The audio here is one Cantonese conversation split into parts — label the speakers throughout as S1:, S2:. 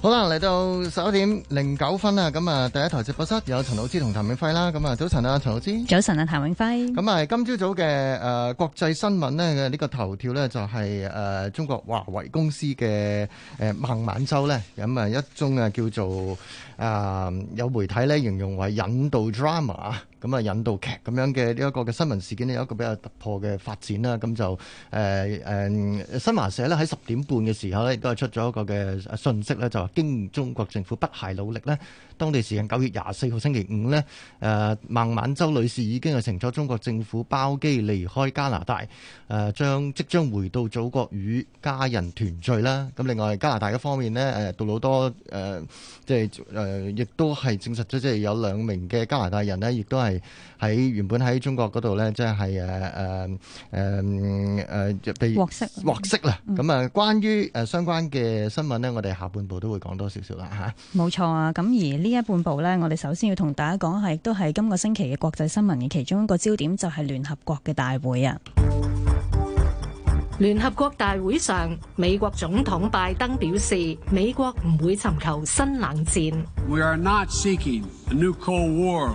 S1: 好啦，嚟到十一點零九分啦，咁啊，第一台直播室有陳老師同譚永輝啦，咁啊，早晨啊，陳老師，早晨啊，譚永輝，咁啊，今朝早嘅誒國際新聞咧嘅呢個頭條咧就係、是、誒、呃、中國華為公司嘅誒、呃、孟晚舟咧，咁、呃、啊一宗啊叫做啊、呃、有媒體咧形容為引渡 drama。咁啊，引渡劇咁樣嘅呢一個嘅新聞事件咧，有一個比較突破嘅發展啦。咁就誒誒、呃、新華社咧喺十點半嘅時候咧，亦都係出咗一個嘅信息咧，就話經中國政府不懈努力咧，當地時間九月廿四號星期五咧，誒、呃、孟晚舟女士已經係乘坐中國政府包機離開加拿大，誒、呃、將即將回到祖國與家人團聚啦。咁另外加拿大嘅方面咧，誒、呃、杜魯多誒、呃、即係誒亦都係證實咗，即係有兩名嘅加拿大人咧，亦都係。係喺原本喺中國嗰度咧，即係誒誒誒誒獲釋獲釋啦。咁啊，關於誒相關嘅新聞呢，我哋下半部都會講多少少啦吓。
S2: 冇錯啊，咁、啊、而呢一半部呢，我哋首先要同大家講下，亦都係今個星期嘅國際新聞嘅其中一個焦點，就係聯合國嘅大會啊。
S3: 聯合國大會上，美國總統拜登表示，美國唔會尋求新冷戰。We are not seeking a new Cold War.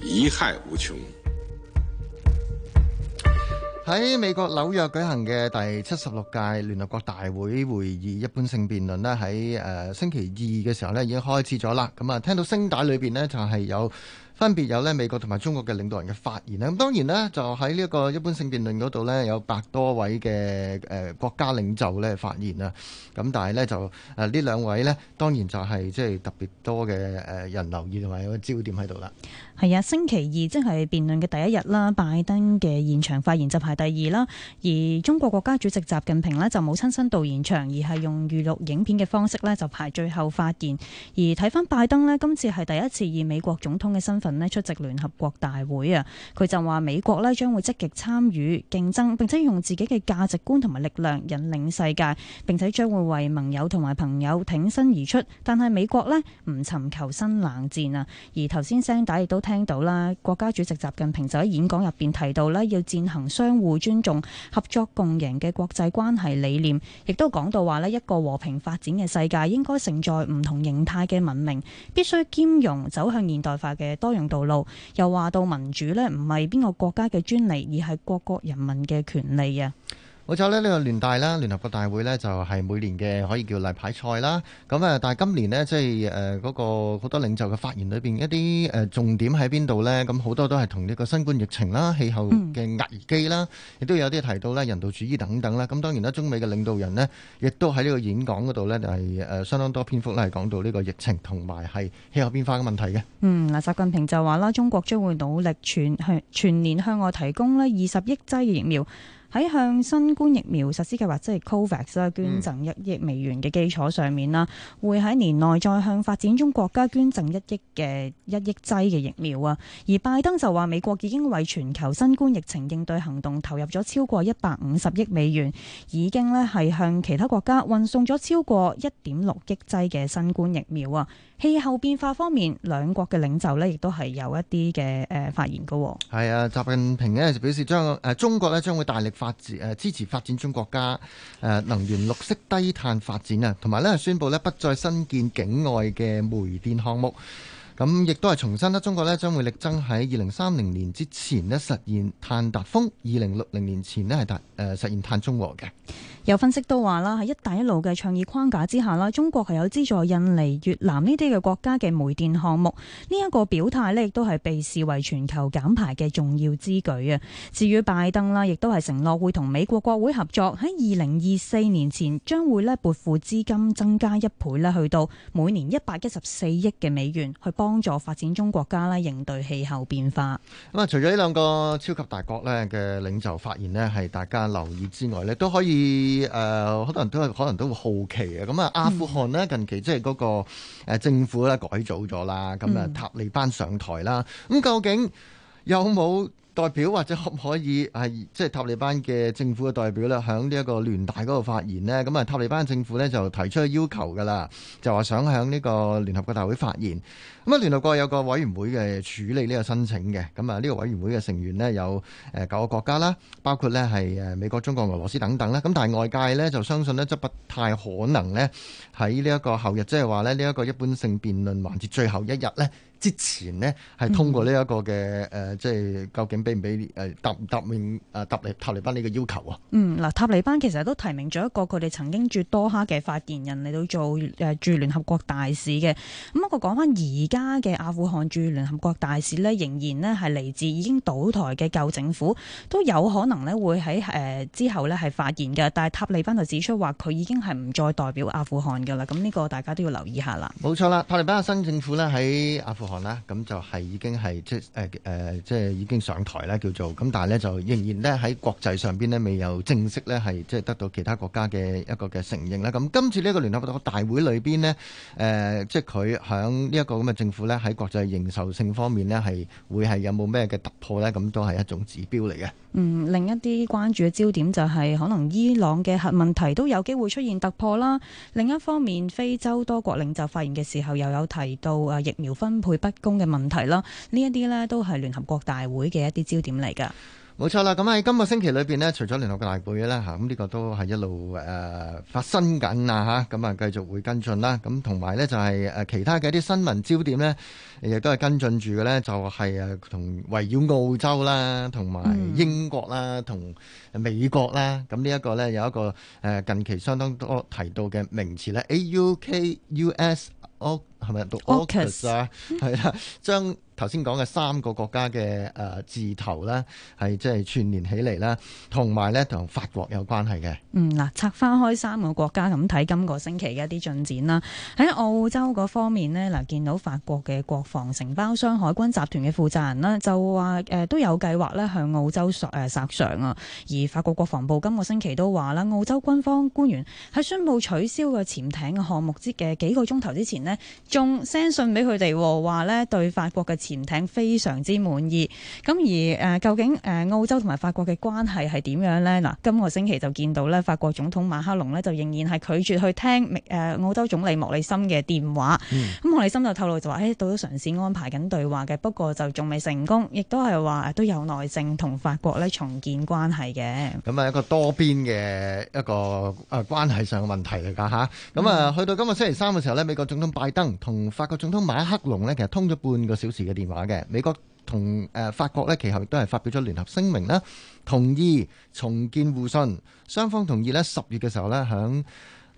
S1: 貽害無窮。喺美國紐約舉行嘅第七十六屆聯合國大會會議一般性辯論呢，喺誒星期二嘅時候呢已經開始咗啦。咁啊，聽到聲帶裏面呢就係有。分別有咧美國同埋中國嘅領導人嘅發言啦，咁當然咧就喺呢一個一般性辯論嗰度咧有百多位嘅誒國家領袖咧發言啊，咁但係咧就誒呢兩位咧當然就係即係特別多嘅誒人留意同埋有個焦點喺度啦。
S2: 係啊，星期二即係辯論嘅第一日啦，拜登嘅現場發言就排第二啦，而中國國家主席習近平呢，就冇親身到現場，而係用預錄影片嘅方式呢，就排最後發言。而睇翻拜登呢，今次係第一次以美國總統嘅身份，出席聯合國大會啊，佢就話美國咧將會積極參與競爭，並且用自己嘅價值觀同埋力量引領世界，並且將會為盟友同埋朋友挺身而出。但係美國咧唔尋求新冷戰啊。而頭先聲帶亦都聽到啦，國家主席習近平就喺演講入邊提到咧，要踐行相互尊重、合作共贏嘅國際關係理念，亦都講到話咧一個和平發展嘅世界應該承載唔同形態嘅文明，必須兼容走向現代化嘅多樣道路又話到民主呢，唔係邊個國家嘅專利，而係各國人民嘅權利
S1: 啊！好彩呢、這個聯大啦，聯合國大會呢，就係、是、每年嘅可以叫例牌賽啦。咁啊，但今年呢，即係誒嗰個好多領袖嘅發言裏面一啲誒、呃、重點喺邊度呢？咁好多都係同呢個新冠疫情啦、氣候嘅危機啦，亦都有啲提到啦人道主義等等啦。咁當然啦，中美嘅領導人呢，亦都喺呢個演講嗰度呢，就、呃、係相當多篇幅咧係講到呢個疫情同埋係氣候變化嘅問題嘅。
S2: 嗯，嗱，習近平就話啦，中國將會努力全向全年向外提供呢二十億劑嘅疫苗。喺向新冠疫苗實施計劃即係 COVAX 啦捐贈一億美元嘅基礎上面啦，嗯、會喺年內再向發展中國家捐贈一億嘅一億劑嘅疫苗啊！而拜登就話美國已經為全球新冠疫情應對行動投入咗超過一百五十億美元，已經咧係向其他國家運送咗超過一點六億劑嘅新冠疫苗啊！氣候變化方面，兩國嘅領袖呢亦都係有一啲嘅誒發言嘅。
S1: 係啊，習近平嗰陣表示將，將誒中國咧將會大力發展誒支持發展中國家誒能源綠色低碳發展啊，同埋咧宣布咧不再新建境外嘅煤電項目。咁亦、嗯、都係重申啦，中國咧將會力爭喺二零三零年之前咧實現碳達峰，二零六零年前咧係達誒實現碳中和嘅。
S2: 有分析都話啦，喺「一帶一路」嘅倡議框架之下啦，中國係有資助印尼、越南呢啲嘅國家嘅煤電項目，呢、這、一個表態咧亦都係被視為全球減排嘅重要之舉啊。至於拜登啦，亦都係承諾會同美國國會合作，喺二零二四年前將會咧撥付資金增加一倍咧，去到每年一百一十四億嘅美元去幫幫助發展中國家啦，應對氣候變化。
S1: 咁啊，除咗呢兩個超級大國咧嘅領袖發言呢係大家留意之外咧，都可以誒，好多人都係可能都會好奇。咁啊，阿富汗咧近期即係嗰個誒政府咧改組咗啦，咁啊塔利班上台啦，咁、嗯、究竟有冇？代表或者可唔可以係即係塔利班嘅政府嘅代表咧，喺呢一個聯大嗰度發言呢。咁啊，塔利班政府呢就提出要求噶啦，就話想喺呢個聯合國大會發言。咁啊，聯合國有個委員會嘅處理呢個申請嘅。咁啊，呢個委員會嘅成員呢，有誒九個國家啦，包括呢係誒美國、中國、俄羅斯等等啦。咁但係外界呢，就相信呢，即不太可能呢喺呢一個後日，即係話呢，呢一個一般性辯論環節最後一日呢。之前呢，係通過呢、這、一個嘅誒，即、呃、係究竟俾唔俾誒答唔答應啊？塔利塔利班呢個要求啊？
S2: 嗯，嗱，塔利班其實都提名咗一個佢哋曾經駐多哈嘅發言人嚟到做誒駐、呃、聯合國大使嘅。咁不過講翻而家嘅阿富汗駐聯合國大使呢，仍然呢係嚟自已經倒台嘅舊政府，都有可能呢會喺誒、呃、之後呢係發言嘅。但係塔利班就指出話佢已經係唔再代表阿富汗㗎啦。咁呢個大家都要留意一下啦。
S1: 冇錯啦，塔利班新政府呢喺阿富汗啦，咁就係已經係、呃、即係即係已經上台啦，叫做咁，但係咧就仍然咧喺國際上邊呢未有正式咧係即係得到其他國家嘅一個嘅承認啦。咁今次呢個個聯合國大會裏邊呢，即係佢響呢一個咁嘅政府咧喺國際認受性方面是是有有呢，係會係有冇咩嘅突破咧？咁都係一種指標嚟嘅。
S2: 嗯，另一啲關注嘅焦點就係可能伊朗嘅核問題都有機會出現突破啦。另一方面，非洲多國領袖發言嘅時候又有提到啊疫苗分配不公嘅問題啦。呢一啲呢都係聯合國大會嘅一啲焦點嚟㗎。
S1: 冇錯啦，咁喺今個星期裏邊呢，除咗聯合國大會啦嚇，咁呢個都係一路誒發生緊啊嚇，咁啊繼續會跟進啦。咁同埋呢，就係誒其他嘅一啲新聞焦點呢，亦都係跟進住嘅呢，就係誒同圍繞澳洲啦、同埋英國啦、同美國啦。咁呢一個呢，有一個誒近期相當多提到嘅名詞咧，AUKUS，係咪 a u 啊，係啦，將。頭先講嘅三個國家嘅誒字頭呢，係即係串連起嚟啦，同埋呢，同法國有關係嘅。
S2: 嗯，嗱拆返開三個國家咁睇今個星期嘅一啲進展啦。喺澳洲嗰方面呢，嗱見到法國嘅國防承包商海軍集團嘅負責人呢，就話誒都有計劃呢向澳洲誒索償啊。而法國國防部今個星期都話啦，澳洲軍方官員喺宣布取消個潛艇嘅項目之嘅幾個鐘頭之前呢，仲 send 信俾佢哋話呢對法國嘅潛艇非常之滿意，咁而究竟誒澳洲同埋法國嘅關係係點樣呢？嗱，今個星期就見到咧，法國總統馬克龍呢，就仍然係拒絕去聽誒澳洲總理莫里森嘅電話。咁、嗯、莫里森就透露就話：到咗嘗試安排緊對話嘅，不過就仲未成功，亦都係話都有耐性同法國咧重建關係嘅。
S1: 咁啊，一個多邊嘅一個關係上嘅問題嚟噶吓。咁啊，去到今日星期三嘅時候呢，美國總統拜登同法國總統馬克龍呢，其實通咗半個小時嘅電電話嘅，美國同誒法國咧，其後，亦都係發表咗聯合聲明啦，同意重建互信，雙方同意咧，十月嘅時候咧，響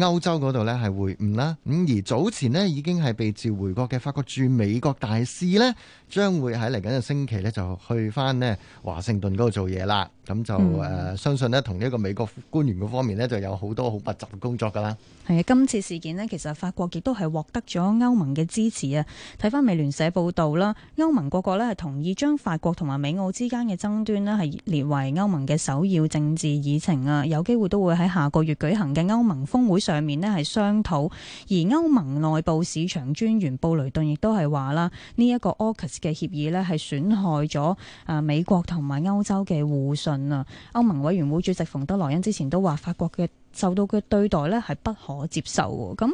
S1: 歐洲嗰度咧，係會晤啦，咁而早前咧，已經係被召回國嘅法國駐美國大使咧，將會喺嚟緊嘅星期咧就去翻咧華盛頓嗰度做嘢啦。咁就誒、嗯呃、相信咧，同呢個美國官員嗰方面咧，就有好多好密集嘅工作噶啦。
S2: 係啊，今次事件咧，其實法國亦都係獲得咗歐盟嘅支持啊！睇翻美聯社報道啦，歐盟各國咧，係同意將法國同埋美澳之間嘅爭端咧，係列為歐盟嘅首要政治議程啊！有機會都會喺下個月舉行嘅歐盟峰會上面咧係商討，而歐盟內部市場專員布雷頓亦都係話啦，呢、這、一個 AUKUS 嘅協議咧係損害咗美國同埋歐洲嘅互信啊。歐盟委員會主席馮德萊恩之前都話法國嘅受到嘅對待咧係不可接受。咁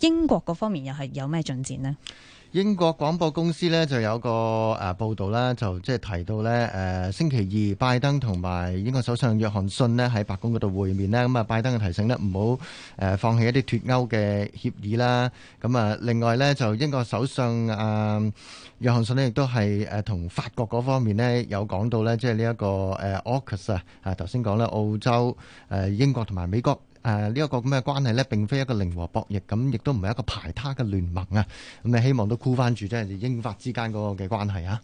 S2: 英國嗰方面又係有咩進展呢？
S1: 英國廣播公司咧就有個誒報道咧，就即係提到咧誒星期二拜登同埋英國首相約翰遜咧喺白宮嗰度會面咧，咁啊拜登嘅提醒咧唔好誒放棄一啲脫歐嘅協議啦。咁啊另外咧就英國首相啊約翰遜咧亦都係誒同法國嗰方面咧有講到咧，即係呢一個誒 AUKUS 啊，啊頭先講啦澳洲誒英國同埋美國。誒、啊這個、呢一個咁嘅關係咧，並非一個零和博弈，咁亦都唔係一個排他嘅聯盟啊！咁你希望都箍翻住即係英法之間嗰個嘅關係啊。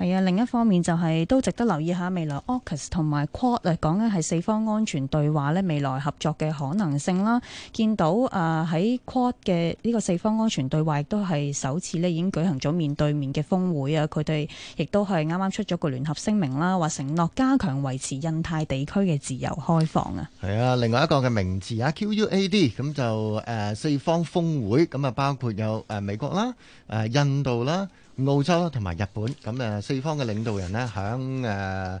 S2: 係啊，另一方面就係、是、都值得留意一下未來 AUKUS 同埋 Quad 嚟講咧，係四方安全對話咧未來合作嘅可能性啦。見到啊喺、呃、Quad 嘅呢個四方安全對話亦都係首次咧已經舉行咗面對面嘅峰會啊，佢哋亦都係啱啱出咗個聯合聲明啦，話承諾加強維持印太地區嘅自由開放啊。
S1: 係啊，另外一個嘅名字啊 QUAD，咁就誒、呃、四方峰會，咁啊包括有誒、呃、美國啦、誒、呃、印度啦。澳洲同埋日本，咁誒四方嘅領導人咧，響誒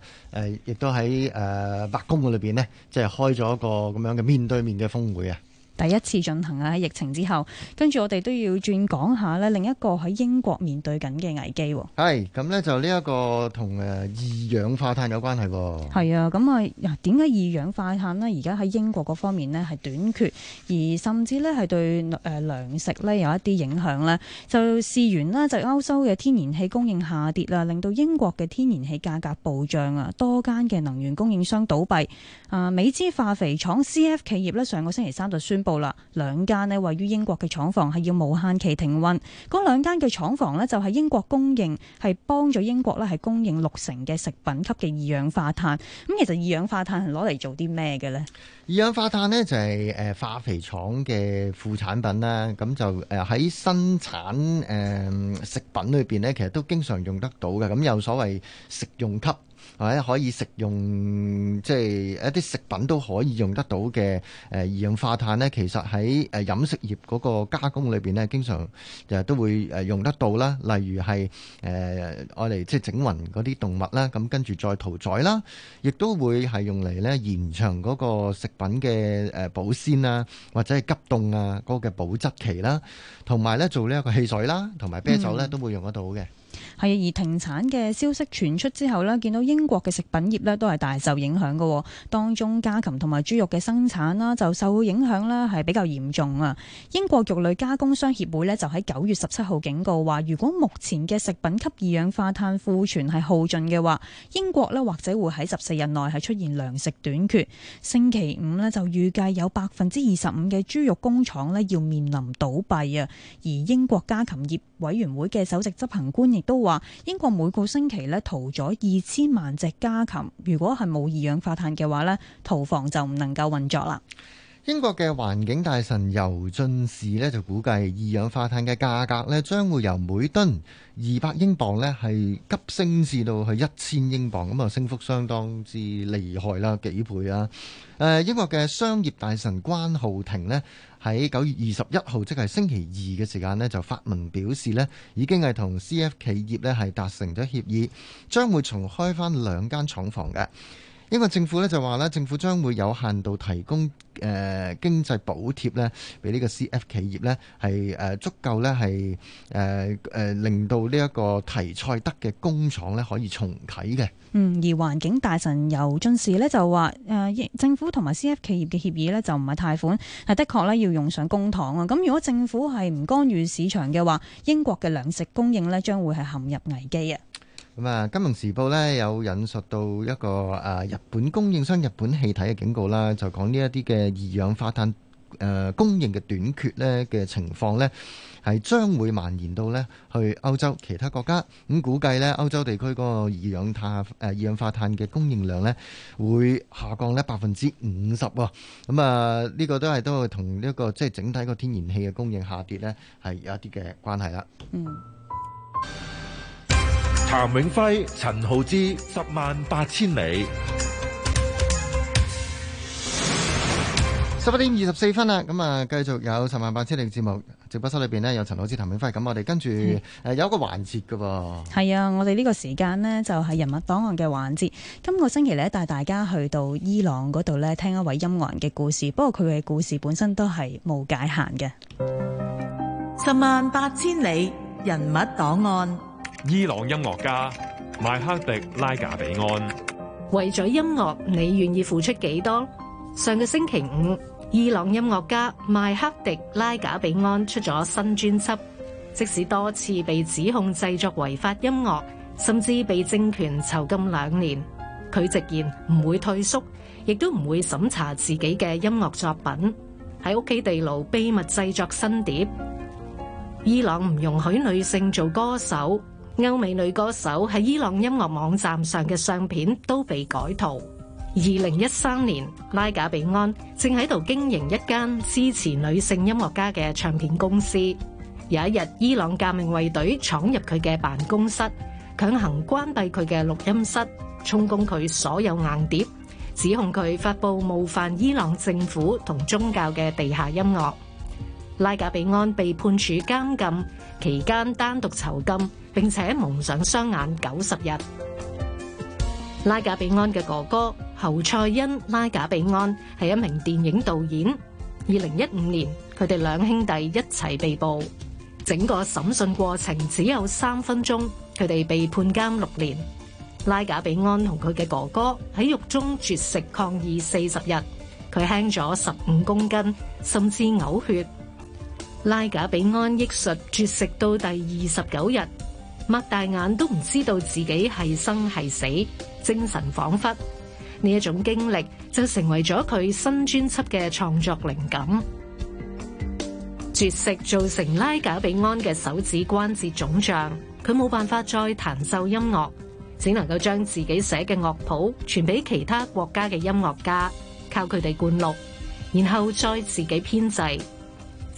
S1: 誒亦都喺誒、呃、白宮裏邊咧，即係開咗一個咁樣嘅面對面嘅峰會啊！
S2: 第一次進行啊！喺疫情之後，跟住我哋都要轉講下呢另一個喺英國面對緊嘅危機。
S1: 係咁呢就呢一個同、啊、二氧化碳有關係喎。
S2: 係啊，咁啊，點解二氧化碳呢？而家喺英國嗰方面呢係短缺，而甚至呢係對誒、呃、糧食呢有一啲影響呢。就事緣呢，就歐洲嘅天然氣供應下跌啦，令到英國嘅天然氣價格暴漲啊，多間嘅能源供應商倒閉啊，美資化肥廠 CF 企業呢，上個星期三就宣佈。到啦，兩間咧位於英國嘅廠房係要無限期停運。嗰兩間嘅廠房咧就係英國供應，係幫咗英國咧係供應六成嘅食品級嘅二氧化碳。咁其實二氧化碳係攞嚟做啲咩嘅呢？二
S1: 氧化碳呢就係誒化肥廠嘅副產品啦。咁就誒喺生產誒食品裏邊呢，其實都經常用得到嘅。咁有所謂食用級。或者可以食用，即係一啲食品都可以用得到嘅。誒，二氧化碳咧，其實喺誒飲食業嗰個加工裏邊咧，經常誒都會誒用得到啦。例如係誒我哋即係整暈嗰啲動物啦，咁跟住再屠宰啦，亦都會係用嚟咧延長嗰個食品嘅誒保鮮啊，或者係急凍啊嗰個嘅保質期啦。同埋咧做呢一個汽水啦，同埋啤酒咧都會用得到嘅。
S2: 係而停產嘅消息傳出之後呢，見到英國嘅食品業呢都係大受影響嘅，當中家禽同埋豬肉嘅生產啦就受影響啦，係比較嚴重啊！英國肉類加工商協會呢，就喺九月十七號警告話，如果目前嘅食品級二氧化碳庫存係耗盡嘅話，英國呢，或者會喺十四日內係出現糧食短缺。星期五呢，就預計有百分之二十五嘅豬肉工廠呢，要面臨倒閉啊！而英國家禽業委員會嘅首席執行官員亦都話英國每個星期咧，屠咗二千萬隻家禽，如果係冇二氧化碳嘅話咧，屠房就唔能夠運作啦。
S1: 英國嘅環境大臣尤俊士呢就估計二氧化碳嘅價格呢，將會由每噸二百英鎊呢係急升至到去一千英鎊咁啊，升幅相當之厲害啦，幾倍啊！誒，英國嘅商業大臣關浩庭呢喺九月二十一號，即係星期二嘅時間呢就發文表示呢已經係同 CF 企業呢係達成咗協議，將會重開翻兩間廠房嘅。呢個政府咧就話咧，政府將會有限度提供誒、呃、經濟補貼咧，俾呢個 C F 企業咧，係誒、呃、足夠咧，係誒誒令到呢一個提賽德嘅工廠咧可以重啟嘅。
S2: 嗯，而環境大臣尤俊士咧就話誒、呃，政府同埋 C F 企業嘅協議咧就唔係貸款，係的確咧要用上公帑啊。咁如果政府係唔干預市場嘅話，英國嘅糧食供應咧將會係陷入危機啊！
S1: 咁啊，《金融時報》咧有引述到一個啊日本供應商日本氣體嘅警告啦，就講呢一啲嘅二氧化碳誒供應嘅短缺咧嘅情況呢，係將會蔓延到呢去歐洲其他國家。咁估計呢，歐洲地區嗰個二氧化碳誒二氧化碳嘅供應量呢，會下降呢百分之五十喎。咁啊，呢個都係都係同呢一個即係整體個天然氣嘅供應下跌呢，係有一啲嘅關係啦。嗯。譚永輝、陳浩之，十萬八千里。十一點二十四分啦，咁啊，繼續有《十萬八千里》節目直播室裏邊呢，有陳浩之、譚永輝。咁我哋跟住誒，有一個環節噶。
S2: 係啊，我哋呢個時間呢，就係人物檔案嘅環節。今個星期咧帶大家去到伊朗嗰度呢，聽一位音樂人嘅故事。不過佢嘅故事本身都係冇界限嘅。
S3: 十萬八千里人物檔案。.
S1: 伊朗音樂家邁赫迪拉賈比安
S3: 為咗音樂，你願意付出幾多？上個星期五，伊朗音樂家邁赫迪拉賈比安出咗新專輯。即使多次被指控製作違法音樂，甚至被政權囚禁兩年，佢直言唔會退縮，亦都唔會審查自己嘅音樂作品。喺屋企地牢秘密製作新碟。伊朗唔容許女性做歌手。歐美女歌手喺伊朗音樂網站上嘅相片都被改圖。二零一三年，拉賈比安正喺度經營一間支持女性音樂家嘅唱片公司。有一日，伊朗革命衛隊闖入佢嘅辦公室，強行關閉佢嘅錄音室，充公佢所有硬碟，指控佢發佈冒犯伊朗政府同宗教嘅地下音樂。拉賈比安被判處監禁期間單獨囚禁，並且蒙上雙眼九十日。拉賈比安嘅哥哥侯賽恩拉賈比安係一名電影導演。二零一五年，佢哋兩兄弟一齊被捕。整個審訊過程只有三分鐘，佢哋被判監六年。拉賈比安同佢嘅哥哥喺獄中絕食抗議四十日，佢輕咗十五公斤，甚至嘔血。拉賈比安憶述絕食到第二十九日，擘大眼都唔知道自己係生係死，精神恍惚。呢一種經歷就成為咗佢新專輯嘅創作靈感。絕食造成拉賈比安嘅手指關節腫脹，佢冇辦法再彈奏音樂，只能夠將自己寫嘅樂譜傳俾其他國家嘅音樂家，靠佢哋灌錄，然後再自己編制。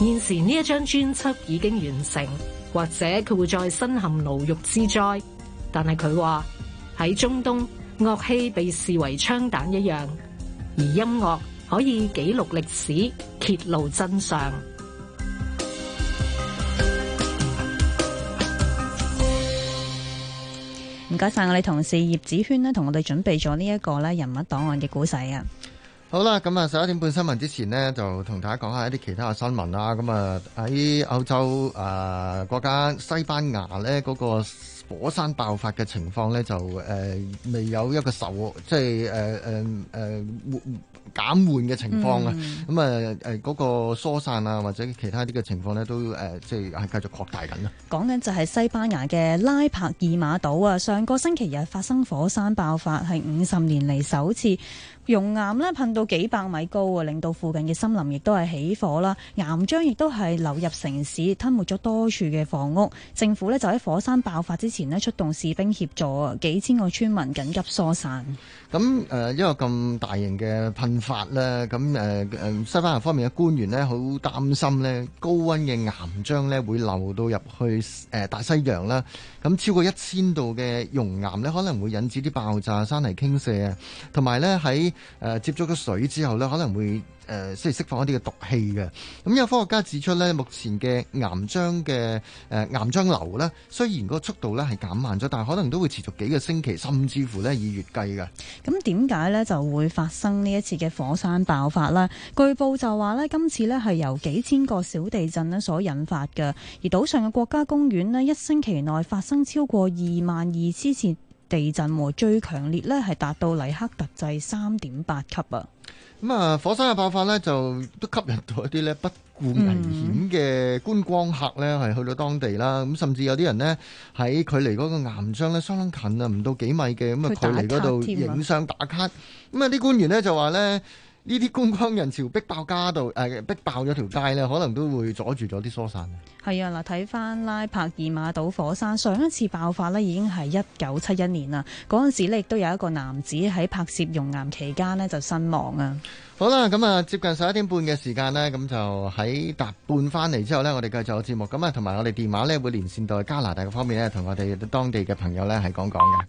S3: 現時呢一張專輯已經完成，或者佢會再身陷牢獄之災。但係佢話喺中東，樂器被視為槍彈一樣，而音樂可以紀錄歷史、揭露真相。
S2: 唔該晒我哋同事葉子萱咧，同我哋準備咗呢一個咧人物檔案嘅故事啊！
S1: 好啦，咁啊，十一點半新聞之前呢，就同大家講下一啲其他嘅新聞啦。咁啊，喺歐洲啊國家西班牙咧，嗰個火山爆發嘅情況咧，就誒、呃、未有一個受即係誒誒誒減緩嘅情況啊。咁啊誒嗰個疏散啊或者其他啲嘅情況咧，都、呃、誒即係係繼續擴大緊啦。
S2: 講緊就係西班牙嘅拉帕爾馬島啊，上個星期日發生火山爆發，係五十年嚟，首次。熔岩呢噴到幾百米高啊，令到附近嘅森林亦都係起火啦。岩漿亦都係流入城市，吞沒咗多處嘅房屋。政府呢就喺火山爆發之前呢，出動士兵協助幾千個村民緊急疏散。
S1: 咁誒，因為咁大型嘅噴發呢，咁誒誒，西班牙方面嘅官員呢，好擔心呢，高溫嘅岩漿呢會流到入去誒、呃、大西洋啦。咁超過一千度嘅熔岩呢，可能會引致啲爆炸、山泥傾瀉啊，同埋呢喺。誒，接觸咗水之後咧，可能會誒，即係釋放一啲嘅毒氣嘅。咁有科學家指出咧，目前嘅岩漿嘅誒岩漿流咧，雖然個速度咧係減慢咗，但係可能都會持續幾個星期，甚至乎咧以月計嘅。
S2: 咁點解呢就會發生呢一次嘅火山爆發呢？據報就話呢今次咧係由幾千個小地震咧所引發嘅，而島上嘅國家公園呢一星期內發生超過二萬二千次。地震和最強烈咧係達到黎克特制三點八級啊！咁
S1: 啊，火山嘅爆發呢，就都吸引到一啲咧不顧危險嘅觀光客咧係去到當地啦。咁、嗯、甚至有啲人呢，喺距離嗰個岩漿咧相當近啊，唔到幾米嘅咁啊距離嗰度影相打卡。咁啊，啲官員呢，就話呢。呢啲觀光人潮逼爆街道，誒、啊、逼爆咗條街咧，可能都會阻住咗啲疏散。
S2: 係啊，嗱睇翻拉柏爾馬島火山上一次爆發呢，已經係一九七一年啦。嗰陣時咧，亦都有一個男子喺拍攝熔岩期間呢就身亡啊。
S1: 好啦，咁、嗯、啊接近十一點半嘅時間呢，咁、嗯、就喺搭半翻嚟之後呢，我哋繼續有節目。咁啊，同埋我哋電話呢，會連線到加拿大嘅方面呢，同我哋當地嘅朋友呢係講講嘅。